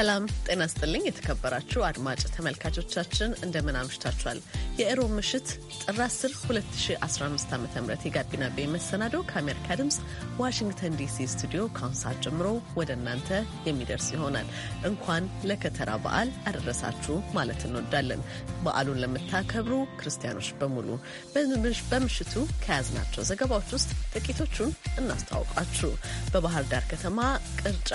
ሰላም ጤና ስጥልኝ የተከበራችሁ አድማጭ ተመልካቾቻችን እንደምን አምሽታችኋል። የእሮብ ምሽት ጥር 10 2015 ዓ ም የጋቢና ቤ መሰናዶ ከአሜሪካ ድምፅ ዋሽንግተን ዲሲ ስቱዲዮ ከአሁን ሰዓት ጀምሮ ወደ እናንተ የሚደርስ ይሆናል። እንኳን ለከተራ በዓል አደረሳችሁ ማለት እንወዳለን። በዓሉን ለምታከብሩ ክርስቲያኖች በሙሉ በምሽቱ ከያዝናቸው ዘገባዎች ውስጥ ጥቂቶቹን እናስተዋውቃችሁ። በባህር ዳር ከተማ ቅርጫ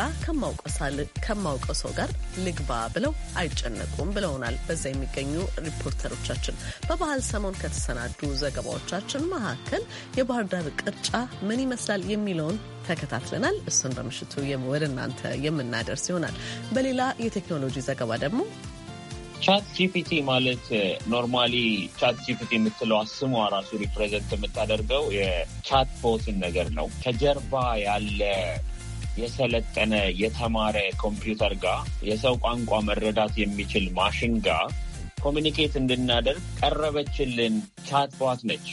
ከማውቀው ሰው ጋር ልግባ ብለው አይጨነቁም ብለውናል በዛ የሚገኙ ሪፖርተሮቻችን። በባህል ሰሞን ከተሰናዱ ዘገባዎቻችን መካከል የባህር ዳር ቅርጫ ምን ይመስላል የሚለውን ተከታትለናል። እሱን በምሽቱ ወደ እናንተ የምናደርስ ይሆናል። በሌላ የቴክኖሎጂ ዘገባ ደግሞ ቻት ጂፒቲ ማለት ኖርማሊ ቻት ጂፒቲ የምትለው ስሟ ራሱ ሪፕሬዘንት የምታደርገው የቻት ቦትን ነገር ነው ከጀርባ ያለ የሰለጠነ የተማረ ኮምፒውተር ጋር የሰው ቋንቋ መረዳት የሚችል ማሽን ጋር ኮሚኒኬት እንድናደርግ ቀረበችልን ቻትቧት ነች።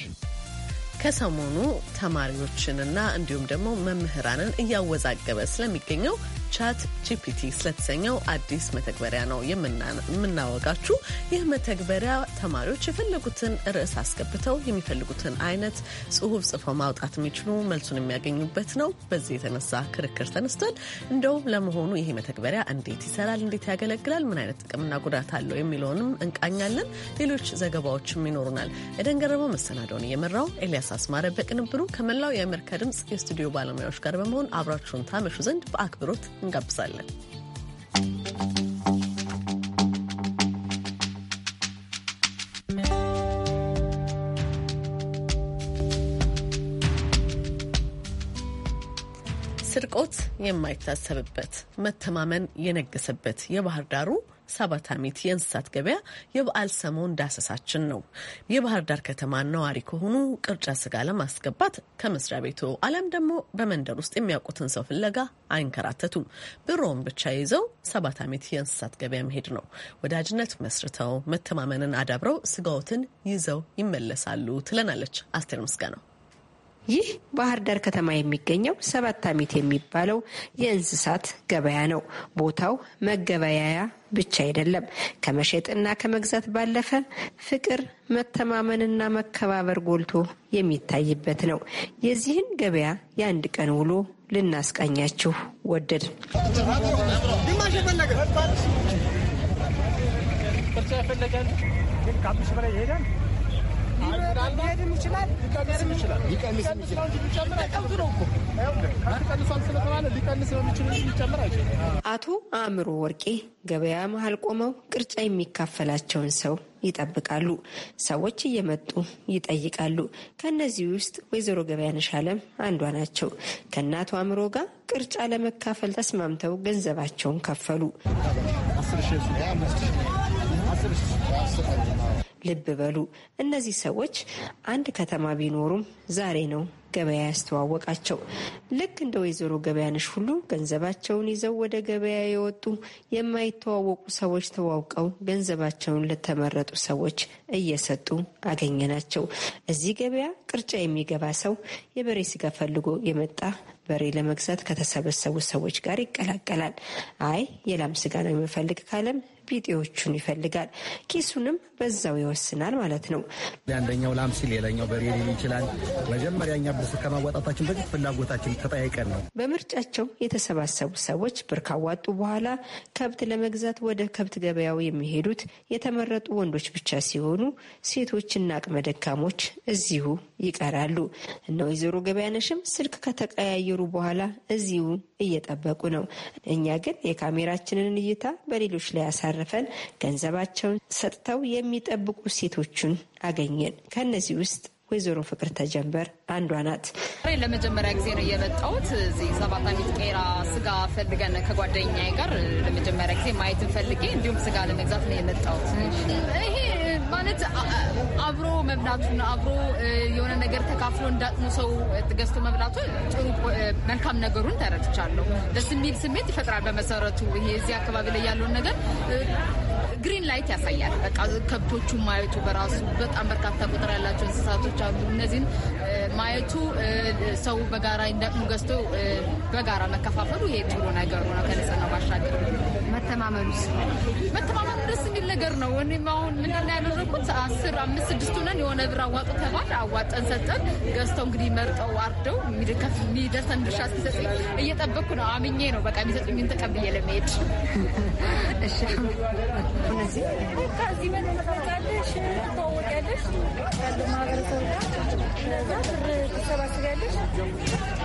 ከሰሞኑ ተማሪዎችንና እንዲሁም ደግሞ መምህራንን እያወዛገበ ስለሚገኘው ቻት ጂፒቲ ስለተሰኘው አዲስ መተግበሪያ ነው የምናወጋችሁ። ይህ መተግበሪያ ተማሪዎች የፈለጉትን ርዕስ አስገብተው የሚፈልጉትን አይነት ጽሁፍ ጽፈው ማውጣት የሚችሉ መልሱን የሚያገኙበት ነው። በዚህ የተነሳ ክርክር ተነስቷል። እንደውም ለመሆኑ ይሄ መተግበሪያ እንዴት ይሰራል? እንዴት ያገለግላል? ምን አይነት ጥቅምና ጉዳት አለው? የሚለውንም እንቃኛለን። ሌሎች ዘገባዎችም ይኖሩናል። ኤደን ገረመው መሰናዶውን እየመራው፣ ኤልያስ አስማረ በቅንብሩ ከመላው የአሜሪካ ድምፅ የስቱዲዮ ባለሙያዎች ጋር በመሆን አብራችሁን ታመሹ ዘንድ በአክብሮት እንጋብዛለን። ስርቆት የማይታሰብበት መተማመን የነገሰበት የባህር ዳሩ ሰባታሚት የእንስሳት ገበያ የበዓል ሰሞን ዳሰሳችን ነው። የባህር ዳር ከተማ ነዋሪ ከሆኑ ቅርጫ ስጋ ለማስገባት ከመስሪያ ቤቱ አለም ደግሞ በመንደር ውስጥ የሚያውቁትን ሰው ፍለጋ አይንከራተቱም። ብሮውን ብቻ ይዘው ሰባታሚት የእንስሳት ገበያ መሄድ ነው። ወዳጅነት መስርተው መተማመንን አዳብረው ስጋዎትን ይዘው ይመለሳሉ ትለናለች አስቴር ምስጋናው። ይህ ባህር ዳር ከተማ የሚገኘው ሰባት አሚት የሚባለው የእንስሳት ገበያ ነው። ቦታው መገበያያ ብቻ አይደለም። ከመሸጥና ከመግዛት ባለፈ ፍቅር፣ መተማመንና መከባበር ጎልቶ የሚታይበት ነው። የዚህን ገበያ የአንድ ቀን ውሎ ልናስቃኛችሁ ወደድ ሊሄድም ይችላል ሊቀንስም ይችላል። ሊቀንስም ይችላል። አቶ አእምሮ ወርቄ ገበያ መሀል ቆመው ቅርጫ የሚካፈላቸውን ሰው ይጠብቃሉ። ሰዎች እየመጡ ይጠይቃሉ። ከእነዚህ ውስጥ ወይዘሮ ገበያነሽ አለም አንዷ ናቸው። ከእናቱ አእምሮ ጋር ቅርጫ ለመካፈል ተስማምተው ገንዘባቸውን ከፈሉ። ልብ በሉ እነዚህ ሰዎች አንድ ከተማ ቢኖሩም ዛሬ ነው ገበያ ያስተዋወቃቸው። ልክ እንደ ወይዘሮ ገበያነሽ ሁሉ ገንዘባቸውን ይዘው ወደ ገበያ የወጡ የማይተዋወቁ ሰዎች ተዋውቀው ገንዘባቸውን ለተመረጡ ሰዎች እየሰጡ አገኘናቸው። እዚህ ገበያ ቅርጫ የሚገባ ሰው የበሬ ስጋ ፈልጎ የመጣ በሬ ለመግዛት ከተሰበሰቡ ሰዎች ጋር ይቀላቀላል። አይ የላም ስጋ ነው የምፈልግ ካለም ቢጤዎቹን ይፈልጋል። ኪሱንም በዛው ይወስናል ማለት ነው። አንደኛው ላም ሲል ሌላኛው በሬ ሊል ይችላል። መጀመሪያ እኛ ከማዋጣታችን በፊት ፍላጎታችን ተጠያይቀን ነው። በምርጫቸው የተሰባሰቡ ሰዎች ብር ካዋጡ በኋላ ከብት ለመግዛት ወደ ከብት ገበያው የሚሄዱት የተመረጡ ወንዶች ብቻ ሲሆኑ ሴቶችና አቅመ ደካሞች እዚሁ ይቀራሉ። እነ ወይዘሮ ገበያነሽም ስልክ ከተቀያየሩ በኋላ እዚሁ እየጠበቁ ነው። እኛ ግን የካሜራችንን እይታ በሌሎች ላይ ያሳረ አትርፈን ገንዘባቸውን ሰጥተው የሚጠብቁ ሴቶችን አገኘን። ከእነዚህ ውስጥ ወይዘሮ ፍቅር ተጀንበር አንዷ ናት። ለመጀመሪያ ጊዜ ነው የመጣሁት እዚህ ሰባት አሚት ቄራ ስጋ ፈልገን ከጓደኛ ጋር ለመጀመሪያ ጊዜ ማየትን ፈልጌ እንዲሁም ስጋ ለመግዛት ነው የመጣሁት። ይሄ ማለት አብሮ መብላቱን አብሮ የሆነ ነገር ተካፍሎ እንዳጥሙ ሰው ገዝቶ መብላቱ ጥሩ መልካም ነገሩን ተረድቻለሁ። ደስ የሚል ስሜት ይፈጥራል። በመሰረቱ ይሄ እዚህ አካባቢ ላይ ያለውን ነገር ግሪን ላይት ያሳያል። በቃ ከብቶቹ ማየቱ በራሱ በጣም በርካታ ቁጥር ያላቸው እንስሳቶች አሉ። እነዚህን ማየቱ ሰው በጋራ እንዳቅሙ ገዝቶ በጋራ መከፋፈሉ ይሄ ጥሩ ነገሩ ነው ከንጽህና ባሻገር መተማመኑስ? መተማመኑ ደስ የሚል ነገር ነው። እኔም አሁን ምንድን ነው ያደረኩት አስር አምስት ስድስት ሆነን የሆነ ብር አዋጡ ተባል አዋጠን ሰጠን ገዝተው እንግዲህ መርጠው አርደው የሚደርሰን ድርሻ ሲሰጥ እየጠበቅኩ ነው። አምኜ ነው በቃ የሚሰጡኝን ተቀብዬ ለመሄድ ከዚህ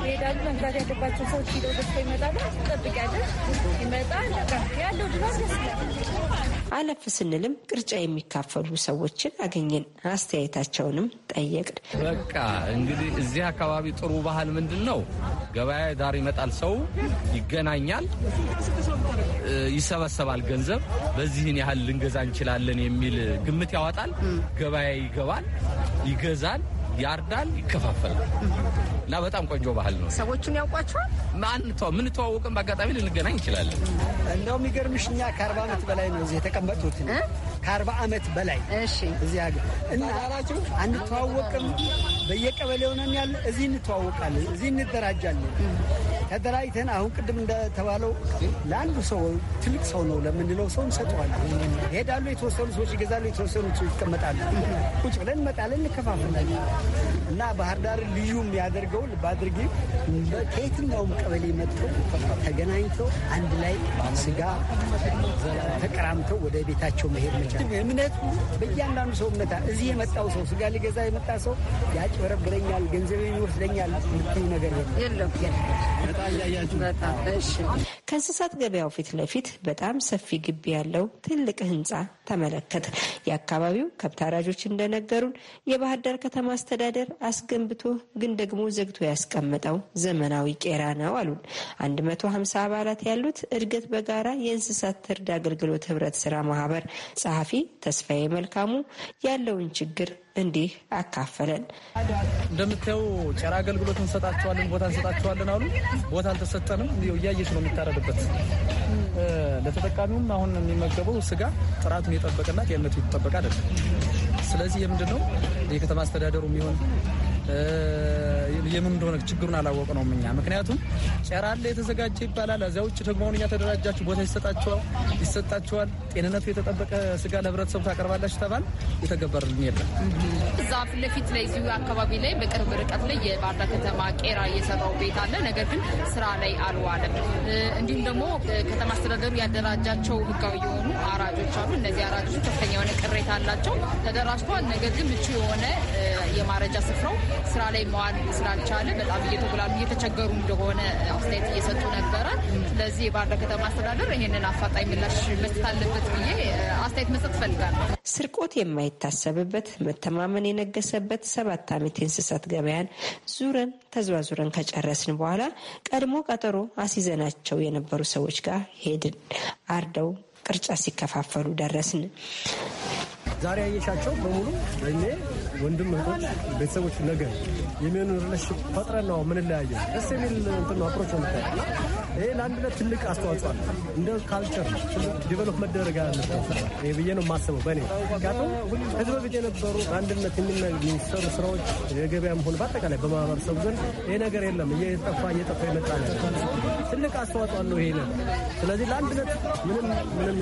ይሄዳሉ። ያለባቸው ሰዎች ሂደው ይመጣሉ። ትጠብቂያለሽ፣ ይመጣል። ያለው ድባብ ደስ ይላል። አለፍ ስንልም ቅርጫ የሚካፈሉ ሰዎችን አገኘን። አስተያየታቸውንም ጠየቅን። በቃ እንግዲህ እዚህ አካባቢ ጥሩ ባህል ምንድን ነው? ገበያ ዳር ይመጣል፣ ሰው ይገናኛል፣ ይሰበሰባል። ገንዘብ በዚህን ያህል ልንገዛ እንችላለን የሚል ግምት ያወጣል። ገበያ ይገባል፣ ይገዛል ያርዳል፣ ይከፋፈላል እና በጣም ቆንጆ ባህል ነው። ሰዎቹን ያውቋቸዋል። ማን ምን ተዋውቅን በአጋጣሚ ልንገናኝ እንችላለን። እንደው የሚገርምሽ እኛ ከአርባ ዓመት በላይ ነው እዚህ የተቀመጡት ከአርባ ዓመት በላይ እዚህ ሀገር እና አንተዋወቅም። በየቀበሌው ነን ያለ እዚህ እንተዋወቃለን፣ እዚህ እንደራጃለን። ተደራጅተን አሁን ቅድም እንደተባለው ለአንዱ ሰው ትልቅ ሰው ነው ለምንለው ሰው እንሰጠዋለን። ይሄዳሉ፣ የተወሰኑ ሰዎች ይገዛሉ፣ የተወሰኑ ይቀመጣሉ። ቁጭ ብለን እንመጣለን፣ እንከፋፍላለን። እና ባህር ዳር ልዩ የሚያደርገው ባድርጊ ከየትኛውም ቀበሌ መጥተው ተገናኝተው አንድ ላይ ስጋ ተቀራምተው ወደ ቤታቸው መሄድ መቻል እምነቱ በእያንዳንዱ ሰው እምነታ እዚህ የመጣው ሰው ስጋ ሊገዛ የመጣ ሰው ያጭበረብረኛል፣ ገንዘብ ይወስደኛል የምትይው ነገር የለም። ከእንስሳት ገበያው ፊት ለፊት በጣም ሰፊ ግቢ ያለው ትልቅ ህንፃ ተመለከተ። የአካባቢው ከብት አራጆች እንደነገሩን የባህር ዳር ከተማ አስተዳደር አስገንብቶ ግን ደግሞ ዘግቶ ያስቀመጠው ዘመናዊ ቄራ ነው አሉን። 150 አባላት ያሉት እድገት በጋራ የእንስሳት እርድ አገልግሎት ህብረት ስራ ማህበር ጸሐፊ ተስፋዬ መልካሙ ያለውን ችግር እንዲህ አካፈለን። እንደምታየው ጨራ አገልግሎት እንሰጣቸዋለን፣ ቦታ እንሰጣቸዋለን አሉ። ቦታ አልተሰጠንም። እያየሽ ነው የሚታረድበት ለተጠቃሚውም አሁን የሚመገበው ስጋ ጥራቱን የጠበቀና ጤንነቱ የተጠበቀ አይደለም። ስለዚህ የምንድን ነው የከተማ አስተዳደሩ የሚሆን የምን እንደሆነ ችግሩን አላወቅ ነው እኛ። ምክንያቱም ጨራ አለ የተዘጋጀ ይባላል። እዚያ ውጭ ደግሞ አሁን እኛ ተደራጃችሁ ቦታ ይሰጣችኋል ይሰጣችኋል፣ ጤንነቱ የተጠበቀ ስጋ ለህብረተሰቡ ታቀርባላችሁ ተባል የተገበርልን የለም። እዛ ፊት ለፊት ላይ እዚሁ አካባቢ ላይ በቅርብ ርቀት ላይ የባህርዳ ከተማ ቄራ እየሰራው ቤት አለ። ነገር ግን ስራ ላይ አልዋለም። እንዲሁም ደግሞ ከተማ አስተዳደሩ ያደራጃቸው ህጋዊ የሆኑ አራጆች አሉ። እነዚህ አራጆች ከፍተኛ የሆነ ቅሬታ አላቸው። ተደራጅተዋል። ነገር ግን ምቹ የሆነ የማረጃ ስፍራው ስራ ላይ መዋል ስላልቻለ በጣም እየተጉላሉ እየተቸገሩ እንደሆነ አስተያየት እየሰጡ ነበረ። ስለዚህ የባህር ዳር ከተማ አስተዳደር ይህንን አፋጣኝ ምላሽ መስጠት አለበት ብዬ አስተያየት መስጠት እፈልጋለሁ። ስርቆት የማይታሰብበት መተማመን የነገሰበት ሰባት ዓመት የእንስሳት ገበያን ዙረን ተዘዋዙረን ከጨረስን በኋላ ቀድሞ ቀጠሮ አስይዘናቸው የነበሩ ሰዎች ጋር ሄድን። አርደው ቅርጫ ሲከፋፈሉ ደረስን። ዛሬ ያየሻቸው በሙሉ እኔ ወንድም እህቶች፣ ቤተሰቦች ነገር የሚሆኑ ፈጥረን ነው ምንለያየ ደስ የሚል እንትን አፕሮች ነው ይሄ ለአንድነት ትልቅ አስተዋጽኦ አለ። እንደ ካልቸር ዲቨሎፕ መደረግ አለበት ብዬ ነው የማስበው በእኔ ምክንያቱም ህዝብ ቤት የነበሩ በአንድነት የሚሰሩ ስራዎች የገበያም ሆነ በአጠቃላይ በማህበረሰቡ ዘንድ ይሄ ነገር የለም እየጠፋ እየጠፋ የመጣ ነው። ትልቅ አስተዋጽኦ አለው ይሄ ነገር። ስለዚህ ለአንድነት ምንም ምንም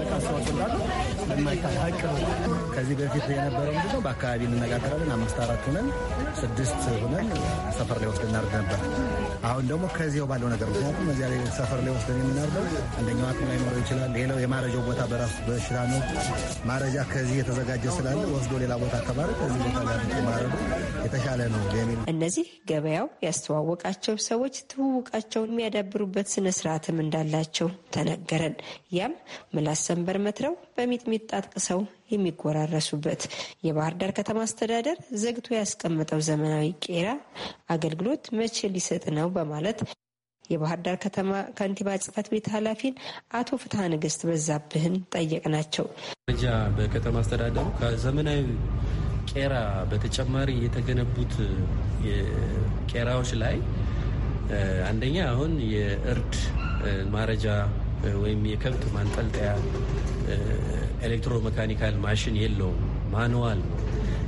ትልቅ አስተዋጽኦ እንዳለ ለማይ ሀቅ ነው። ከዚህ በፊት የነበረው ምንድን ነው? በአካባቢ እንነጋገራለን። አምስት አራት ሆነን ስድስት ሆነን ሰፈር ላይ ወስደን እናርድ ነበር። አሁን ደግሞ ከዚያው ባለው ነገር ምክንያቱም እዚያ ላይ ሰፈር ላይ ወስደን የምናርደው አንደኛው አቅም ላይኖረው ይችላል። ሌላው የማረጃው ቦታ በራሱ በሽታ ነው። ማረጃ ከዚህ የተዘጋጀ ስላለ ወስዶ ሌላ ቦታ ከባረ ከዚህ ቦታ ጋር ማረዱ የተሻለ ነው የሚል እነዚህ ገበያው ያስተዋወቃቸው ሰዎች ትውውቃቸውን የሚያዳብሩበት ስነስርዓትም እንዳላቸው ተነገረን። ያም ምላስ ሰንበር መትረው በሚጥሚጣ ጣጥቅሰው የሚጎራረሱበት የባህር ዳር ከተማ አስተዳደር ዘግቶ ያስቀመጠው ዘመናዊ ቄራ አገልግሎት መቼ ሊሰጥ ነው በማለት የባህር ዳር ከተማ ከንቲባ ጽህፈት ቤት ኃላፊን አቶ ፍትሀ ንግስት በዛብህን ጠየቅናቸው። መረጃ በከተማ አስተዳደሩ ከዘመናዊ ቄራ በተጨማሪ የተገነቡት ቄራዎች ላይ አንደኛ አሁን የእርድ ማረጃ ወይም የከብት ማንጠልጠያ ኤሌክትሮ መካኒካል ማሽን የለውም፣ ማኑዋል ነው።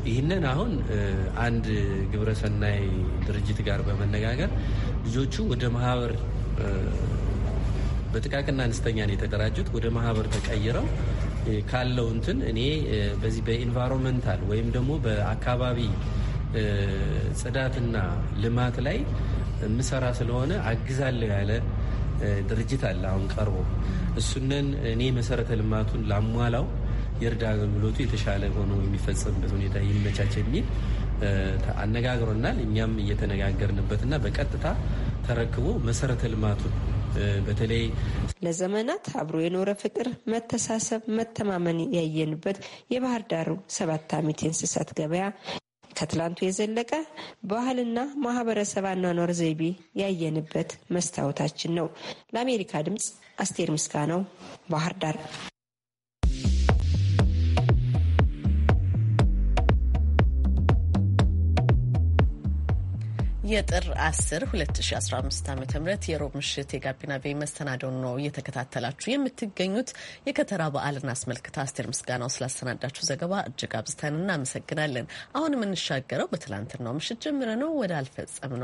ይህንን አሁን አንድ ግብረሰናይ ድርጅት ጋር በመነጋገር ልጆቹ ወደ ማህበር በጥቃቅና አነስተኛ ነው የተደራጁት። ወደ ማህበር ተቀይረው ካለው እንትን እኔ በዚህ በኢንቫይሮንመንታል ወይም ደግሞ በአካባቢ ጽዳትና ልማት ላይ የምሰራ ስለሆነ አግዛለሁ ያለ ድርጅት አለ አሁን ቀርቦ እሱነን እኔ መሰረተ ልማቱን ላሟላው የእርዳ አገልግሎቱ የተሻለ ሆኖ የሚፈጸምበት ሁኔታ ይመቻች የሚል አነጋግሮናል። እኛም እየተነጋገርንበትና በቀጥታ ተረክቦ መሰረተ ልማቱን በተለይ ለዘመናት አብሮ የኖረ ፍቅር፣ መተሳሰብ፣ መተማመን ያየንበት የባህር ዳሩ ሰባት አመት የእንስሳት ገበያ ከትላንቱ የዘለቀ ባህልና ማህበረሰብ አኗኗር ዘይቤ ያየንበት መስታወታችን ነው። ለአሜሪካ ድምፅ አስቴር ምስጋናው ባህር ዳር የጥር 10 2015 ዓ ም የሮብ ምሽት የጋቢና ቤ መሰናደው ነው እየተከታተላችሁ የምትገኙት። የከተራ በዓልን አስመልክታ አስቴር ምስጋናው ስላሰናዳችሁ ዘገባ እጅግ አብዝተን እናመሰግናለን። አሁን የምንሻገረው በትላንትናው ምሽት ጀምረ ነው ወደ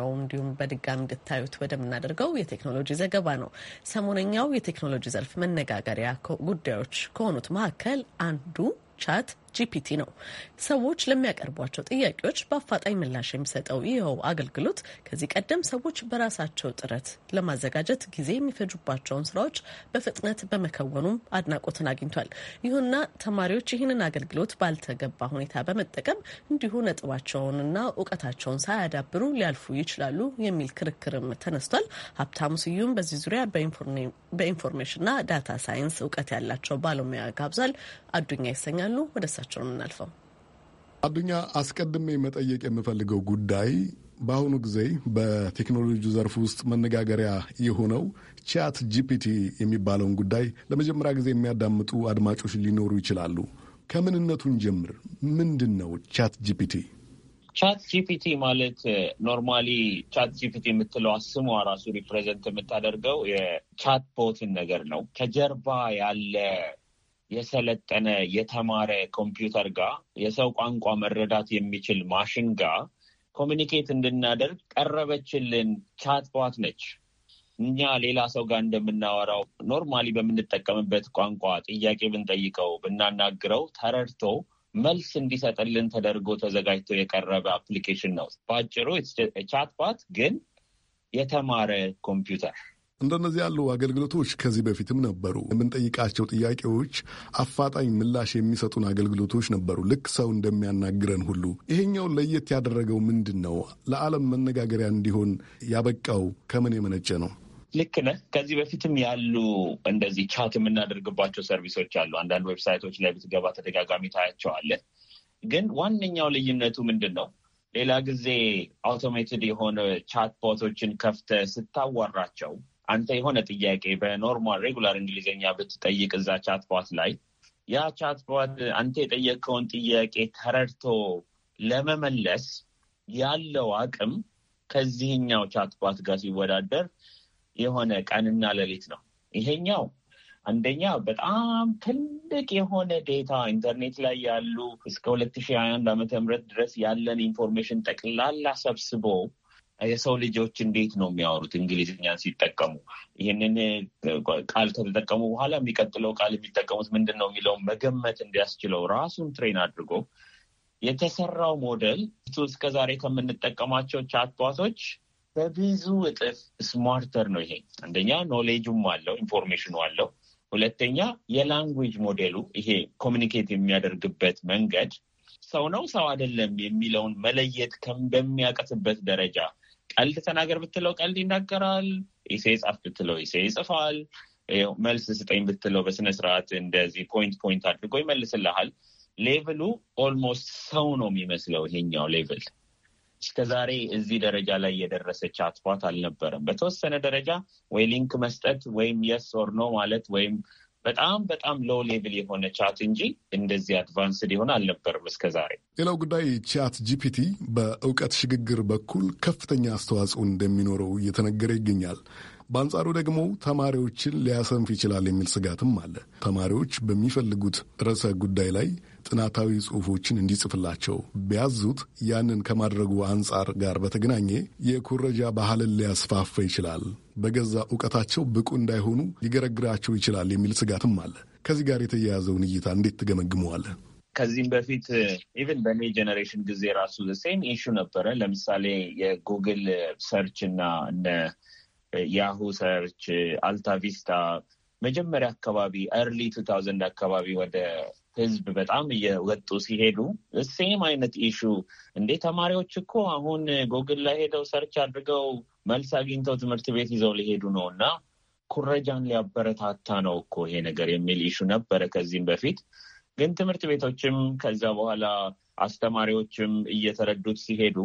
ነው እንዲሁም በድጋሚ እንድታዩት ወደምናደርገው የቴክኖሎጂ ዘገባ ነው። ሰሞነኛው የቴክኖሎጂ ዘርፍ መነጋገሪያ ጉዳዮች ከሆኑት መካከል አንዱ ቻት ጂፒቲ ነው። ሰዎች ለሚያቀርቧቸው ጥያቄዎች በአፋጣኝ ምላሽ የሚሰጠው ይኸው አገልግሎት ከዚህ ቀደም ሰዎች በራሳቸው ጥረት ለማዘጋጀት ጊዜ የሚፈጁባቸውን ስራዎች በፍጥነት በመከወኑም አድናቆትን አግኝቷል። ይሁንና ተማሪዎች ይህንን አገልግሎት ባልተገባ ሁኔታ በመጠቀም እንዲሁ ነጥባቸውንና እውቀታቸውን ሳያዳብሩ ሊያልፉ ይችላሉ የሚል ክርክርም ተነስቷል። ሀብታሙ ስዩም በዚህ ዙሪያ በኢንፎርሜሽንና ዳታ ሳይንስ እውቀት ያላቸው ባለሙያ ጋብዛል አዱኛ ይሰኛሉ ወደ ወደሚመለከታቸው እናልፈው። አዱኛ፣ አስቀድሜ መጠየቅ የምፈልገው ጉዳይ በአሁኑ ጊዜ በቴክኖሎጂ ዘርፍ ውስጥ መነጋገሪያ የሆነው ቻት ጂፒቲ የሚባለውን ጉዳይ ለመጀመሪያ ጊዜ የሚያዳምጡ አድማጮች ሊኖሩ ይችላሉ። ከምንነቱን ጀምር፣ ምንድን ነው ቻት ጂፒቲ? ቻት ጂፒቲ ማለት ኖርማሊ ቻት ጂፒቲ የምትለው ስሟ ራሱ ሪፕሬዘንት የምታደርገው የቻት ቦትን ነገር ነው። ከጀርባ ያለ የሰለጠነ የተማረ ኮምፒውተር ጋር የሰው ቋንቋ መረዳት የሚችል ማሽን ጋር ኮሚኒኬት እንድናደርግ ቀረበችልን ቻትባት ነች። እኛ ሌላ ሰው ጋር እንደምናወራው ኖርማሊ በምንጠቀምበት ቋንቋ ጥያቄ ብንጠይቀው ብናናግረው ተረድቶ መልስ እንዲሰጥልን ተደርጎ ተዘጋጅቶ የቀረበ አፕሊኬሽን ነው። በአጭሩ ቻትባት ግን የተማረ ኮምፒውተር እንደነዚህ ያሉ አገልግሎቶች ከዚህ በፊትም ነበሩ። የምንጠይቃቸው ጥያቄዎች አፋጣኝ ምላሽ የሚሰጡን አገልግሎቶች ነበሩ፣ ልክ ሰው እንደሚያናግረን ሁሉ። ይሄኛው ለየት ያደረገው ምንድን ነው? ለዓለም መነጋገሪያ እንዲሆን ያበቃው ከምን የመነጨ ነው? ልክ ነህ። ከዚህ በፊትም ያሉ እንደዚህ ቻት የምናደርግባቸው ሰርቪሶች አሉ። አንዳንድ ዌብሳይቶች ላይ ብትገባ ተደጋጋሚ ታያቸዋለ። ግን ዋነኛው ልዩነቱ ምንድን ነው? ሌላ ጊዜ አውቶሜትድ የሆነ ቻት ቦቶችን ከፍተህ ስታዋራቸው አንተ የሆነ ጥያቄ በኖርማል ሬጉላር እንግሊዝኛ ብትጠይቅ እዛ ቻትቦት ላይ ያ ቻትቦት አንተ የጠየቀውን ጥያቄ ተረድቶ ለመመለስ ያለው አቅም ከዚህኛው ቻትቦት ጋር ሲወዳደር የሆነ ቀንና ሌሊት ነው። ይሄኛው አንደኛ በጣም ትልቅ የሆነ ዴታ ኢንተርኔት ላይ ያሉ እስከ ሁለት ሺህ ሀያ አንድ ዓመተ ድረስ ያለን ኢንፎርሜሽን ጠቅላላ ሰብስቦ የሰው ልጆች እንዴት ነው የሚያወሩት እንግሊዝኛን ሲጠቀሙ? ይህንን ቃል ከተጠቀሙ በኋላ የሚቀጥለው ቃል የሚጠቀሙት ምንድን ነው የሚለውን መገመት እንዲያስችለው ራሱን ትሬን አድርጎ የተሰራው ሞዴል እስከዛሬ ከምንጠቀማቸው ቻትቦቶች በብዙ እጥፍ ስማርተር ነው። ይሄ አንደኛ ኖሌጁም አለው ኢንፎርሜሽኑ አለው። ሁለተኛ የላንጉጅ ሞዴሉ ይሄ ኮሚኒኬት የሚያደርግበት መንገድ ሰው ነው ሰው አይደለም የሚለውን መለየት በሚያቀትበት ደረጃ ቀልድ ተናገር ብትለው ቀልድ ይናገራል። ኢሴ ጻፍ ብትለው ኢሴ ይጽፋል። መልስ ስጠኝ ብትለው በስነስርዓት እንደዚህ ፖይንት ፖይንት አድርጎ ይመልስልሃል። ሌቭሉ ኦልሞስት ሰው ነው የሚመስለው። ይሄኛው ሌቭል እስከዛሬ እዚህ ደረጃ ላይ የደረሰች አትፏት አልነበረም። በተወሰነ ደረጃ ወይ ሊንክ መስጠት ወይም የስ ኦር ኖ ማለት ወይም በጣም በጣም ሎው ሌቭል የሆነ ቻት እንጂ እንደዚህ አድቫንስድ የሆነ አልነበርም ዛሬ። ሌላው ጉዳይ ቻት ጂፒቲ በእውቀት ሽግግር በኩል ከፍተኛ አስተዋጽኦ እንደሚኖረው እየተነገረ ይገኛል። በአንጻሩ ደግሞ ተማሪዎችን ሊያሰንፍ ይችላል የሚል ስጋትም አለ። ተማሪዎች በሚፈልጉት ርዕሰ ጉዳይ ላይ ጥናታዊ ጽሑፎችን እንዲጽፍላቸው ቢያዙት ያንን ከማድረጉ አንጻር ጋር በተገናኘ የኩረጃ ባህልን ሊያስፋፋ ይችላል፣ በገዛ እውቀታቸው ብቁ እንዳይሆኑ ሊገረግራቸው ይችላል የሚል ስጋትም አለ። ከዚህ ጋር የተያያዘውን እይታ እንዴት ትገመግመዋለህ? ከዚህም በፊት ኢቨን በእኔ ጀኔሬሽን ጊዜ ራሱ ዘሴም ኢሹ ነበረ። ለምሳሌ የጉግል ሰርች እና እነ ያሁ ሰርች፣ አልታቪስታ መጀመሪያ አካባቢ ኤርሊ ቱ ታውዘንድ አካባቢ ወደ ህዝብ በጣም እየወጡ ሲሄዱ ሴም አይነት ኢሹ እንዴ ተማሪዎች እኮ አሁን ጎግል ላይ ሄደው ሰርች አድርገው መልስ አግኝተው ትምህርት ቤት ይዘው ሊሄዱ ነው እና ኩረጃን ሊያበረታታ ነው እኮ ይሄ ነገር የሚል ኢሹ ነበረ ከዚህም በፊት ግን ትምህርት ቤቶችም ከዛ በኋላ አስተማሪዎችም እየተረዱት ሲሄዱ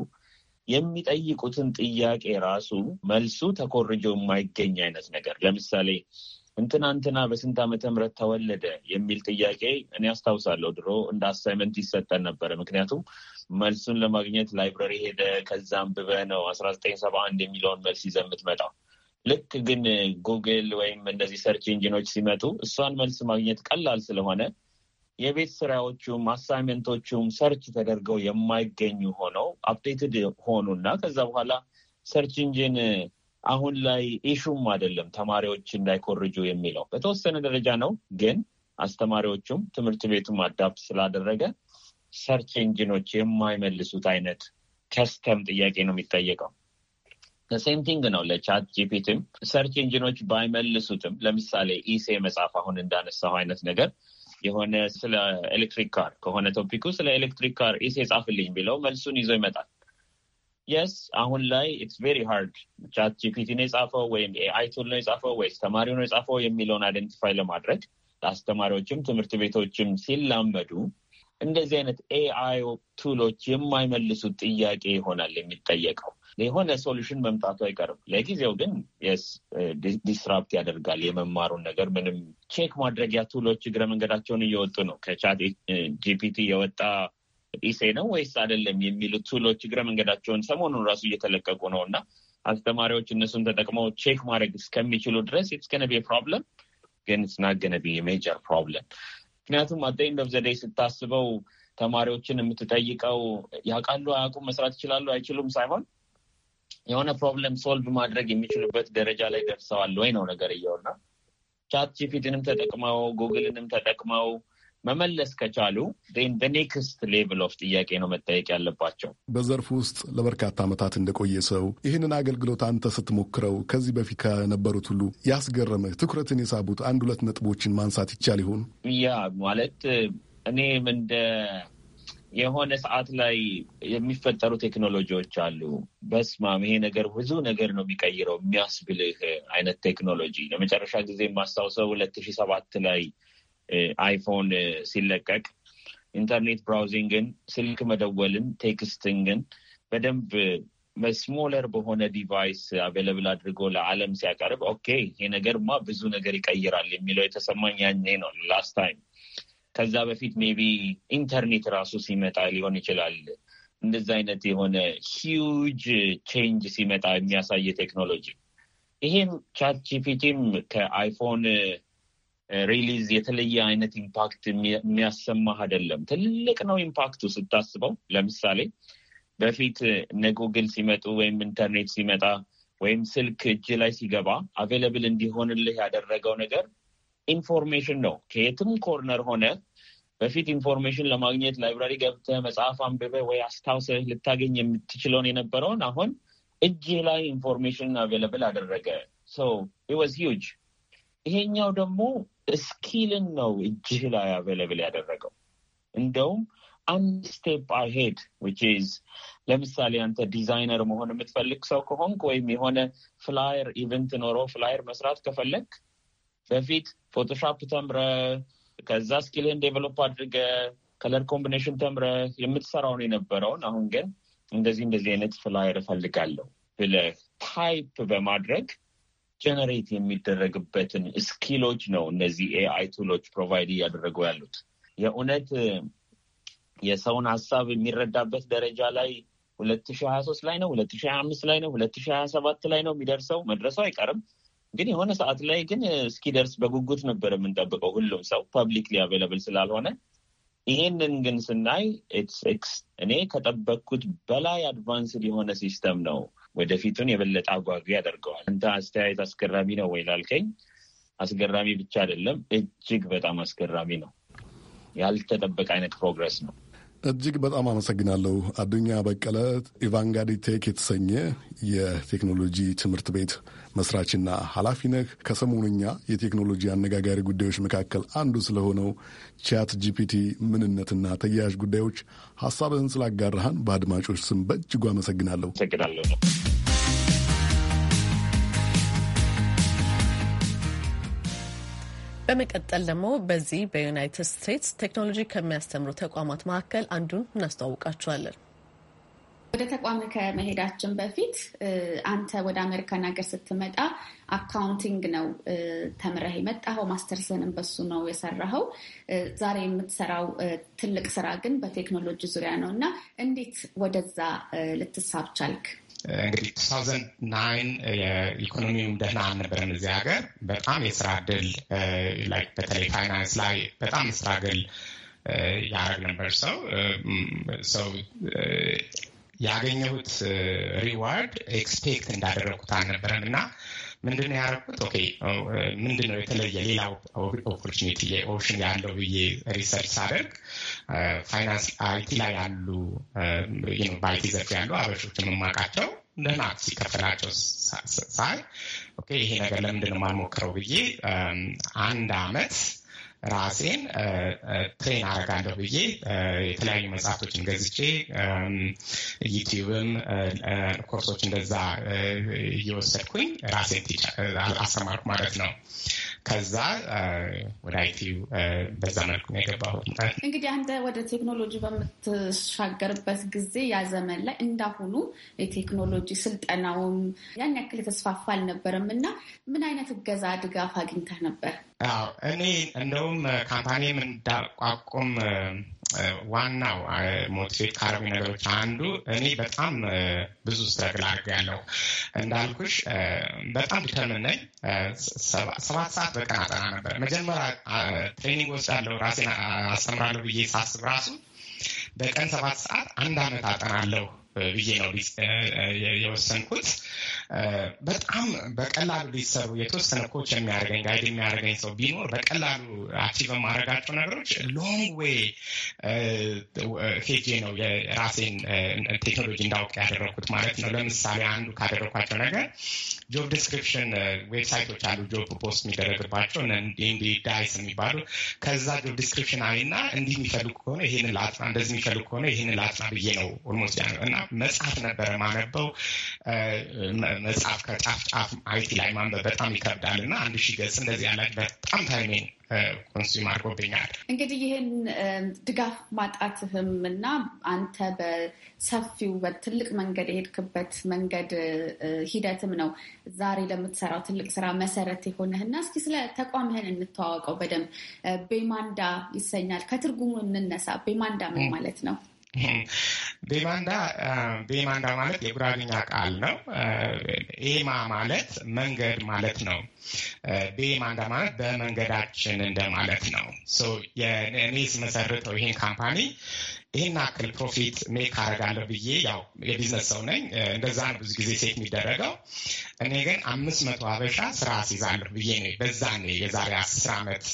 የሚጠይቁትን ጥያቄ ራሱ መልሱ ተኮርጆ የማይገኝ አይነት ነገር ለምሳሌ እንትና እንትና በስንት ዓመተ ምህረት ተወለደ የሚል ጥያቄ እኔ አስታውሳለሁ ድሮ እንደ አሳይመንት ይሰጠን ነበረ። ምክንያቱም መልሱን ለማግኘት ላይብረሪ ሄደ ከዛ አንብበህ ነው አስራ ዘጠኝ ሰባ አንድ የሚለውን መልስ ይዘህ የምትመጣው። ልክ ግን ጉግል ወይም እንደዚህ ሰርች ኢንጂኖች ሲመጡ እሷን መልስ ማግኘት ቀላል ስለሆነ የቤት ስራዎቹም አሳይመንቶቹም ሰርች ተደርገው የማይገኙ ሆነው አፕዴትድ ሆኑ እና ከዛ በኋላ ሰርች እንጂን አሁን ላይ ኢሹም አይደለም ተማሪዎች እንዳይኮርጁ የሚለው በተወሰነ ደረጃ ነው። ግን አስተማሪዎቹም ትምህርት ቤቱም አዳፕት ስላደረገ ሰርች ኢንጂኖች የማይመልሱት አይነት ከስተም ጥያቄ ነው የሚጠየቀው። ሴም ቲንግ ነው ለቻት ጂፒቲም ሰርች ኢንጂኖች ባይመልሱትም፣ ለምሳሌ ኢሴ መጽሐፍ አሁን እንዳነሳው አይነት ነገር የሆነ ስለ ኤሌክትሪክ ካር ከሆነ ቶፒኩ ስለ ኤሌክትሪክ ካር ኢሴ ጻፍልኝ ብለው መልሱን ይዞ ይመጣል። የስ አሁን ላይ ኢትስ ቬሪ ሃርድ ቻት ጂፒቲ ነው የጻፈው ወይም ኤአይ ቱል ነው የጻፈው ወይስ ተማሪው ነው የጻፈው የሚለውን አይደንቲፋይ ለማድረግ አስተማሪዎችም ትምህርት ቤቶችም ሲላመዱ እንደዚህ አይነት ኤአይ ቱሎች የማይመልሱት ጥያቄ ይሆናል የሚጠየቀው። የሆነ ሶሉሽን መምጣቱ አይቀርም። ለጊዜው ግን የስ ዲስራፕት ያደርጋል የመማሩን ነገር ምንም ቼክ ማድረጊያ ቱሎች እግረ መንገዳቸውን እየወጡ ነው። ከቻት ጂፒቲ የወጣ ኢሴ ነው ወይስ አይደለም የሚሉ ቱሎች እግረ መንገዳቸውን ሰሞኑን ራሱ እየተለቀቁ ነው እና አስተማሪዎች እነሱን ተጠቅመው ቼክ ማድረግ እስከሚችሉ ድረስ ኢትስ ገነ ፕሮብለም ግን ኢትስ ናት ገነ ፕሮብለም። ምክንያቱም አደይን ደብዘደይ ስታስበው ተማሪዎችን የምትጠይቀው ያውቃሉ አያውቁም፣ መስራት ይችላሉ አይችሉም ሳይሆን የሆነ ፕሮብለም ሶልቭ ማድረግ የሚችሉበት ደረጃ ላይ ደርሰዋል ወይ ነው ነገር እየውና ቻት ጂፒቲንም ተጠቅመው ጉግልንም ተጠቅመው መመለስ ከቻሉ በኔክስት ሌቭል ኦፍ ጥያቄ ነው መጠየቅ ያለባቸው። በዘርፍ ውስጥ ለበርካታ ዓመታት እንደቆየ ሰው ይህንን አገልግሎት አንተ ስትሞክረው ከዚህ በፊት ከነበሩት ሁሉ ያስገረመህ ትኩረትን የሳቡት አንድ ሁለት ነጥቦችን ማንሳት ይቻል ይሆን? ያ ማለት እኔም እንደ የሆነ ሰዓት ላይ የሚፈጠሩ ቴክኖሎጂዎች አሉ። በስማም ይሄ ነገር ብዙ ነገር ነው የሚቀይረው የሚያስብልህ አይነት ቴክኖሎጂ። ለመጨረሻ ጊዜ የማስታውሰው ሁለት ሺህ ሰባት ላይ አይፎን ሲለቀቅ ኢንተርኔት ብራውዚንግን፣ ስልክ መደወልን፣ ቴክስቲንግን በደንብ መስሞለር በሆነ ዲቫይስ አቬለብል አድርጎ ለዓለም ሲያቀርብ ኦኬ ይሄ ነገርማ ብዙ ነገር ይቀይራል የሚለው የተሰማኝ ያኔ ነው ላስት ታይም ከዛ በፊት ሜቢ ኢንተርኔት ራሱ ሲመጣ ሊሆን ይችላል። እንደዚ አይነት የሆነ ሂውጅ ቼንጅ ሲመጣ የሚያሳይ ቴክኖሎጂ ይሄም ቻት ጂፒቲም ከአይፎን ሪሊዝ uh, የተለየ አይነት ኢምፓክት የሚያሰማህ አይደለም። ትልቅ ነው ኢምፓክቱ ስታስበው። ለምሳሌ በፊት እነ ጉግል ሲመጡ ወይም ኢንተርኔት ሲመጣ ወይም ስልክ እጅ ላይ ሲገባ አቬለብል እንዲሆንልህ ያደረገው ነገር ኢንፎርሜሽን ነው። ከየትም ኮርነር ሆነ በፊት ኢንፎርሜሽን ለማግኘት ላይብራሪ ገብተ መጽሐፍ አንብበ ወይ አስታውሰ ልታገኝ የምትችለውን የነበረውን አሁን እጅህ ላይ ኢንፎርሜሽን አቬለብል አደረገ። ዋዝ ሂውጅ። ይሄኛው ደግሞ ስኪልን ነው እጅህ ላይ አቬለብል ያደረገው። እንደውም አንድ ስቴፕ አሄድ ዊች ኢዝ ለምሳሌ አንተ ዲዛይነር መሆን የምትፈልግ ሰው ከሆንክ ወይም የሆነ ፍላየር ኢቨንት ኖሮ ፍላየር መስራት ከፈለግ በፊት ፎቶሾፕ ተምረ ከዛ ስኪልን ዴቨሎፕ አድርገ ከለር ኮምቢኔሽን ተምረ የምትሰራውን የነበረውን አሁን ግን እንደዚህ እንደዚህ አይነት ፍላየር እፈልጋለሁ ብለ ታይፕ በማድረግ ጀነሬት የሚደረግበትን ስኪሎች ነው እነዚህ ኤአይ ቱሎች ፕሮቫይድ እያደረጉ ያሉት። የእውነት የሰውን ሀሳብ የሚረዳበት ደረጃ ላይ ሁለት ሺ ሀያ ሶስት ላይ ነው ሁለት ሺ ሀያ አምስት ላይ ነው ሁለት ሺ ሀያ ሰባት ላይ ነው የሚደርሰው። መድረሰው አይቀርም ግን የሆነ ሰዓት ላይ ግን እስኪደርስ በጉጉት ነበር የምንጠብቀው ሁሉም ሰው ፐብሊክሊ አቬለብል ስላልሆነ። ይሄንን ግን ስናይ እኔ ከጠበቅኩት በላይ አድቫንስድ የሆነ ሲስተም ነው። ወደፊቱን የበለጠ አጓጊ ያደርገዋል። እንተ አስተያየት አስገራሚ ነው ወይ ላልከኝ፣ አስገራሚ ብቻ አይደለም፣ እጅግ በጣም አስገራሚ ነው። ያልተጠበቀ አይነት ፕሮግረስ ነው። እጅግ በጣም አመሰግናለሁ። አዱኛ በቀለ ኢቫንጋዲ ቴክ የተሰኘ የቴክኖሎጂ ትምህርት ቤት መስራችና ኃላፊ ነህ። ከሰሞኑኛ የቴክኖሎጂ አነጋጋሪ ጉዳዮች መካከል አንዱ ስለሆነው ቻት ጂፒቲ ምንነትና ተያያዥ ጉዳዮች ሀሳብህን ስላጋራህን በአድማጮች ስም በእጅጉ አመሰግናለሁ። አመሰግናለሁ። በመቀጠል ደግሞ በዚህ በዩናይትድ ስቴትስ ቴክኖሎጂ ከሚያስተምሩ ተቋማት መካከል አንዱን እናስተዋውቃችኋለን። ወደ ተቋም ከመሄዳችን በፊት አንተ ወደ አሜሪካን ሀገር ስትመጣ አካውንቲንግ ነው ተምረህ የመጣኸው፣ ማስተርስህንም በሱ ነው የሰራኸው። ዛሬ የምትሰራው ትልቅ ስራ ግን በቴክኖሎጂ ዙሪያ ነው እና እንዴት ወደዛ ልትሳብ ቻልክ? Eh, እንግዲህ ቱ ታውዘንድ ናይን የኢኮኖሚውም ደህና አልነበረም እዚህ ሀገር። በጣም የስራ እድል eh, በተለይ ፋይናንስ ላይ በጣም የስራ እድል eh, ያደረግ ነበር ሰው ሰው ያገኘሁት ሪዋርድ ኤክስፔክት እንዳደረግኩት አልነበረም እና ምንድን ነው ያደረኩት? ኦኬ ምንድን ነው የተለየ ሌላ ኦፖርቹኒቲ ኦፕሽን ያለው ብዬ ሪሰርች ሳደርግ ፋይናንስ አይቲ ላይ ያሉ በአይቲ ዘርፍ ያሉ አበሾች የምማቃቸው ደህና ሲከፈላቸው ሳይ ይሄ ነገር ለምንድን ነው የማልሞክረው ብዬ አንድ አመት ራሴን ትሬን አረጋለሁ ብዬ የተለያዩ መጽሐፍቶችን ገዝቼ ዩቲዩብም ኮርሶች እንደዛ እየወሰድኩኝ ራሴን አስተማርኩ ማለት ነው። ከዛ ወደ አይቲ በዛ መልኩ ነው የገባሁት። እንግዲህ አንተ ወደ ቴክኖሎጂ በምትሻገርበት ጊዜ ያ ዘመን ላይ እንዳሁኑ የቴክኖሎጂ ስልጠናውም ያን ያክል የተስፋፋ አልነበረም እና ምን አይነት እገዛ ድጋፍ አግኝተህ ነበር? እኔ እንደውም ካምፓኒም እንዳቋቁም ዋናው ሞቲቬት ካረጉ ነገሮች አንዱ እኔ በጣም ብዙ ስተግላግ ያለው እንዳልኩሽ በጣም ዲተርምን ነኝ። ሰባት ሰዓት በቀን አጠና ነበር። መጀመሪያ ትሬኒንግ ወስዳለሁ ራሴን አስተምራለሁ ብዬ ሳስብ ራሱ በቀን ሰባት ሰዓት አንድ አመት አጠናለሁ ብዬ ነው የወሰንኩት። በጣም በቀላሉ ሊሰሩ የተወሰነ ኮች የሚያደርገኝ ጋይድ የሚያደርገኝ ሰው ቢኖር በቀላሉ አቺቭ የማደርጋቸው ነገሮች ሎንግ ዌይ ሄጄ ነው የራሴን ቴክኖሎጂ እንዳውቅ ያደረግኩት ማለት ነው። ለምሳሌ አንዱ ካደረግኳቸው ነገር ጆብ ዲስክሪፕሽን ዌብሳይቶች አሉ፣ ጆብ ፖስት የሚደረግባቸው እንዲ ዳይስ የሚባሉ ከዛ ጆብ ዲስክሪፕሽን አይና እንዲህ የሚፈልጉ ከሆነ ይህንን ላጥና፣ እንደዚህ የሚፈልጉ ከሆነ ይህንን ላጥና ብዬ ነው ኦልሞስት እና መጽሐፍ ነበር ማነበው። መጽሐፍ ከጫፍ ጫፍ አይቲ ላይ ማንበብ በጣም ይከብዳል እና አንድ ሺህ ገጽ እንደዚህ ያለ በጣም ታይሜን ኮንሱም አድርጎብኛል። እንግዲህ ይህን ድጋፍ ማጣትህም እና አንተ በሰፊው በትልቅ መንገድ የሄድክበት መንገድ ሂደትም ነው ዛሬ ለምትሰራው ትልቅ ስራ መሰረት የሆነህ እና እስኪ ስለ ተቋምህን እንተዋወቀው በደንብ ቤማንዳ ይሰኛል። ከትርጉሙ እንነሳ። ቤማንዳ ምን ማለት ነው? ቤማንዳ ቤማንዳ ማለት የጉራግኛ ቃል ነው። ኤማ ማለት መንገድ ማለት ነው። ቤማንዳ ማለት በመንገዳችን እንደማለት ነው። የእኔ ስመሰርተው ይሄን ካምፓኒ ይህን አክል ፕሮፊት ሜክ አደርጋለሁ ብዬ ያው የቢዝነስ ሰው ነኝ። እንደዛ ነው ብዙ ጊዜ ሴት የሚደረገው። እኔ ግን አምስት መቶ ሀበሻ ስራ አስይዛለሁ ብዬ ነው በዛ የዛሬ አስር ዓመት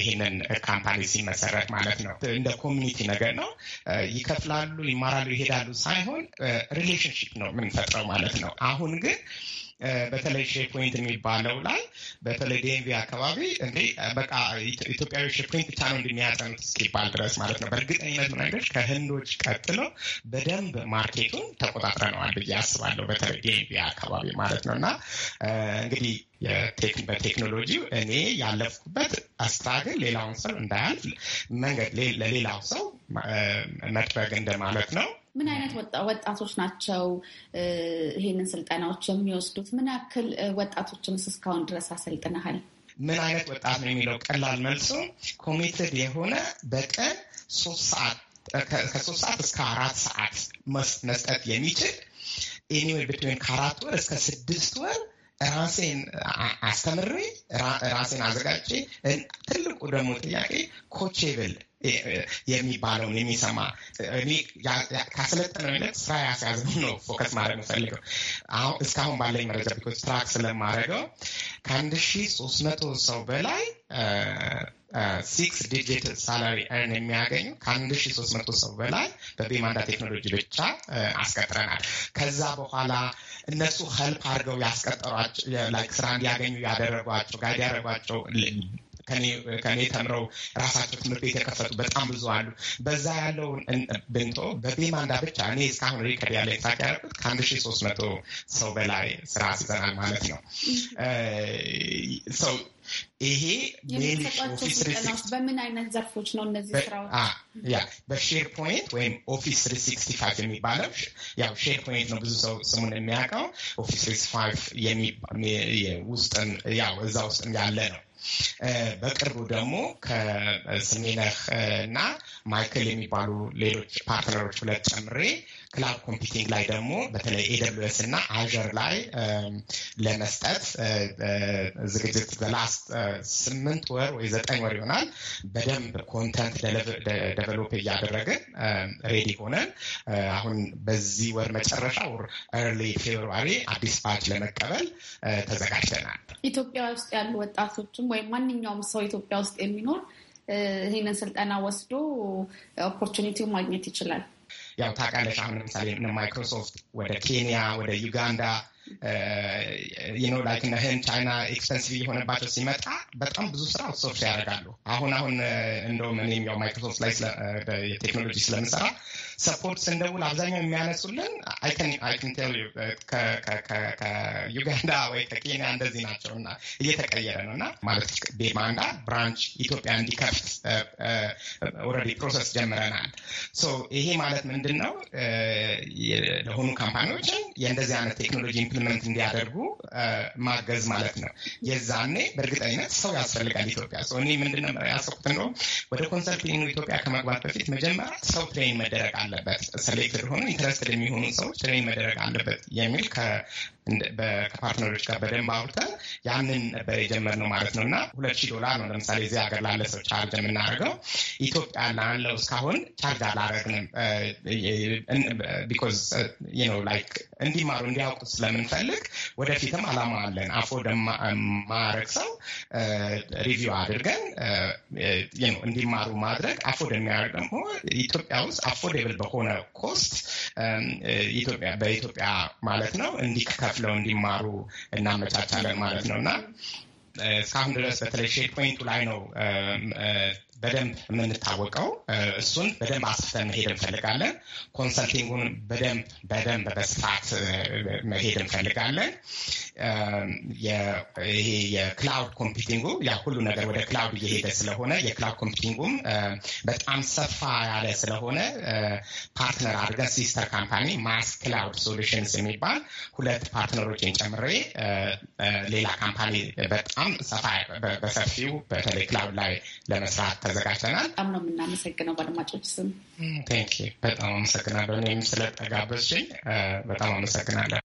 ይህንን ካምፓኒ ሲመሰረት ማለት ነው። እንደ ኮሚኒቲ ነገር ነው። ይከፍላሉ፣ ይማራሉ፣ ይሄዳሉ ሳይሆን ሪሌሽንሽፕ ነው የምንፈጥረው ማለት ነው። አሁን ግን በተለይ ፖይንት የሚባለው ላይ በተለይ ዲኤንቪ አካባቢ እንዴ በቃ ኢትዮጵያዊ ሼፖይንት ብቻ ነው እንደሚያጠኑት እስኪባል ድረስ ማለት ነው። በእርግጠኝነት መንገድ ከህንዶች ቀጥለው በደንብ ማርኬቱን ተቆጣጥረነዋል ብዬ አስባለሁ። በተለይ ዲኤንቪ አካባቢ ማለት ነው እና እንግዲህ በቴክኖሎጂ እኔ ያለፍኩበት አስታግል ሌላውን ሰው እንዳያልፍ መንገድ ለሌላው ሰው መጥረግ እንደማለት ነው። ምን አይነት ወጣቶች ናቸው ይሄንን ስልጠናዎች የሚወስዱት? ምን ያክል ወጣቶችን እስካሁን ድረስ አሰልጥነሃል? ምን አይነት ወጣት ነው የሚለው ቀላል መልሶ ኮሚትድ የሆነ በቀን ሶስት ሰዓት ከሶስት ሰዓት እስከ አራት ሰዓት መስጠት የሚችል ኤኒዌይ ብትዊን ከአራት ወር እስከ ስድስት ወር ራሴን አስተምሬ ራሴን አዘጋጅቼ ትልቁ ደግሞ ጥያቄ ኮቼብል የሚባለውን የሚሰማ ካሰለጠነው ይነት ስራ ያስያዝ ነው ፎከስ ማድረግ ፈልገው አሁን እስካሁን ባለኝ መረጃ ቢኮዝ ትራክ ስለማድረገው ከአንድ ሺ ሶስት መቶ ሰው በላይ ሲክስ ዲጂት ሳላሪ ርን የሚያገኙ ከአንድ ሺ ሶስት መቶ ሰው በላይ በቤማንዳ ቴክኖሎጂ ብቻ አስቀጥረናል። ከዛ በኋላ እነሱ ሄልፕ አድርገው ያስቀጠሯቸው ስራ እንዲያገኙ ያደረጓቸው ጋይድ ያደረጓቸው ከኔ ተምረው ራሳቸው ትምህርት ቤት የከፈቱ በጣም ብዙ አሉ። በዛ ያለው ብንቶ በቤማንዳ ብቻ እኔ እስካሁን ሪከርድ ያለ ሳቅ ያደረኩት ከአንድ ሺ ሶስት መቶ ሰው በላይ ስራ ሲዘናል ማለት ነው ሰው ይሄ በምን አይነት ዘርፎች ነው እነዚህ ስራዎች? በሼር ፖይንት ወይም ኦፊስ ትሪ ሲክስቲ ፋይቭ የሚባለው ያው ሼር ፖይንት ነው ብዙ ሰው ስሙን የሚያውቀው ኦፊስ ትሪ ሲክስቲ ፋይቭ ውስጥ ያው እዛ ውስጥ ያለ ነው። በቅርቡ ደግሞ ከስሜነህ እና ማይክል የሚባሉ ሌሎች ፓርትነሮች ሁለት ጨምሬ ክላውድ ኮምፒቲንግ ላይ ደግሞ በተለይ ኤደብሊውኤስ እና አዥር ላይ ለመስጠት ዝግጅት በላስት ስምንት ወር ወይ ዘጠኝ ወር ይሆናል በደንብ ኮንተንት ደቨሎፕ እያደረግን ሬዲ ሆነን አሁን በዚህ ወር መጨረሻ ወር ኤርሊ ፌብርዋሪ አዲስ ባች ለመቀበል ተዘጋጅተናል። ኢትዮጵያ ውስጥ ያሉ ወጣቶችም ወይም ማንኛውም ሰው ኢትዮጵያ ውስጥ የሚኖር ይህንን ስልጠና ወስዶ ኦፖርቹኒቲው ማግኘት ይችላል። ያው ታቃለች አሁን ለምሳሌ ማይክሮሶፍት ወደ ኬንያ፣ ወደ ዩጋንዳ ላይክነህን ቻይና ኤክስፐንሲቭ የሆነባቸው ሲመጣ በጣም ብዙ ስራ አውትሶርስ ያደርጋሉ። አሁን አሁን uh, እንደውም እኔም ያው ማይክሮሶፍት ላይ uh, ቴክኖሎጂ ስለምሰራ ሰፖርት ስንደውል አብዛኛው የሚያነሱልን uh, ከዩጋንዳ ወይ ከኬንያ እንደዚህ ናቸው እና እየተቀየረ ነው እና ማለት ቤማንዳ ብራንች ኢትዮጵያ እንዲከፍት ኦልሬዲ ፕሮሰስ ጀምረናል። ይሄ ማለት ምንድን ነው ለሆኑ ካምፓኒዎችን የእንደዚህ አይነት ቴክኖሎጂ ኢምፕሊመንት እንዲያደርጉ ማገዝ ማለት ነው። የዛኔ በእርግጠኝነት ሰው ያስፈልጋል ኢትዮጵያ። እኔ ምንድነው ያሰብኩት ነው ወደ ኮንሰልቲንግ ኢትዮጵያ ከመግባት በፊት መጀመሪያ ሰው ትሬን መደረግ አለበት፣ ሴሌክትድ ሆኑ ኢንተረስትድ የሚሆኑ ሰዎች ትሬን መደረግ አለበት የሚል ከፓርትነሮች ጋር በደንብ አውርተን ያንን ነበር የጀመርነው ማለት ነው እና ሁለት ሺህ ዶላር ነው ለምሳሌ እዚህ ሀገር ላለ ሰው ቻርጅ የምናደርገው። ኢትዮጵያ ላለው እስካሁን ቻርጅ አላደረግንም። ቢኮዝ ላይክ እንዲማሩ እንዲያውቁ ስለምንፈልግ ወደፊትም አላማ አለን። አፎ ደማረግ ሰው ሪቪው አድርገን እንዲማሩ ማድረግ አፎ ደሚያደርግ ደግሞ ኢትዮጵያ ውስጥ አፎርደብል በሆነ ኮስት በኢትዮጵያ ማለት ነው እንዲከፍ ከፍለው እንዲማሩ እናመቻቻለን ማለት ነው እና እስካሁን ድረስ በተለይ ሼድ ፖይንቱ ላይ ነው በደንብ የምንታወቀው እሱን በደንብ አስፍተን መሄድ እንፈልጋለን። ኮንሰልቲንጉን በደንብ በደንብ በስፋት መሄድ እንፈልጋለን። ይሄ የክላውድ ኮምፒቲንጉ ያ ሁሉ ነገር ወደ ክላውድ እየሄደ ስለሆነ የክላውድ ኮምፒቲንጉም በጣም ሰፋ ያለ ስለሆነ ፓርትነር አድርገን ሲስተር ካምፓኒ ማስ ክላውድ ሶሉሽንስ የሚባል ሁለት ፓርትነሮችን ጨምሬ ሌላ ካምፓኒ በጣም ሰፋ በሰፊው በተለይ ክላውድ ላይ ለመስራት ተዘጋጅተናል። በጣም ነው የምናመሰግነው በአድማጮች ስም ቴንክ ዩ። በጣም አመሰግናለሁ። እኔም ስለተጋበዝሽኝ በጣም አመሰግናለሁ።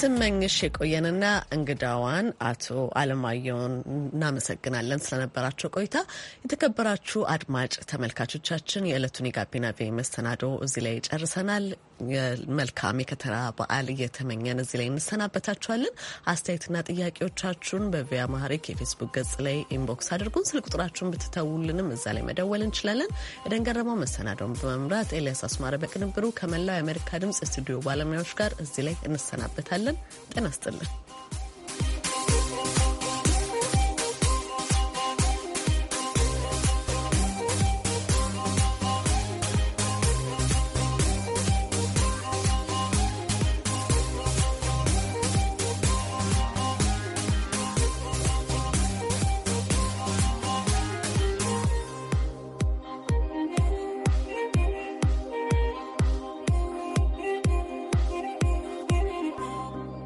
ስመኝሽ የቆየንና እንግዳዋን አቶ አለማየሁን እናመሰግናለን ስለነበራቸው ቆይታ። የተከበራችሁ አድማጭ ተመልካቾቻችን የዕለቱን የጋቢና ቪ መሰናዶ እዚህ ላይ ጨርሰናል። መልካም የከተራ በዓል እየተመኘን እዚህ ላይ እንሰናበታችኋለን። አስተያየትና ጥያቄዎቻችሁን በቪያ ማሪክ የፌስቡክ ገጽ ላይ ኢንቦክስ አድርጉን። ስልክ ቁጥራችሁን ብትተውልንም እዛ ላይ መደወል እንችላለን። ኤደን ገረመው መሰናደውን በመምራት ኤልያስ አስማረ በቅንብሩ ከመላው የአሜሪካ ድምጽ ስቱዲዮ ባለሙያዎች ጋር እዚህ ላይ እንሰናበታለን። ጤና ይስጥልን።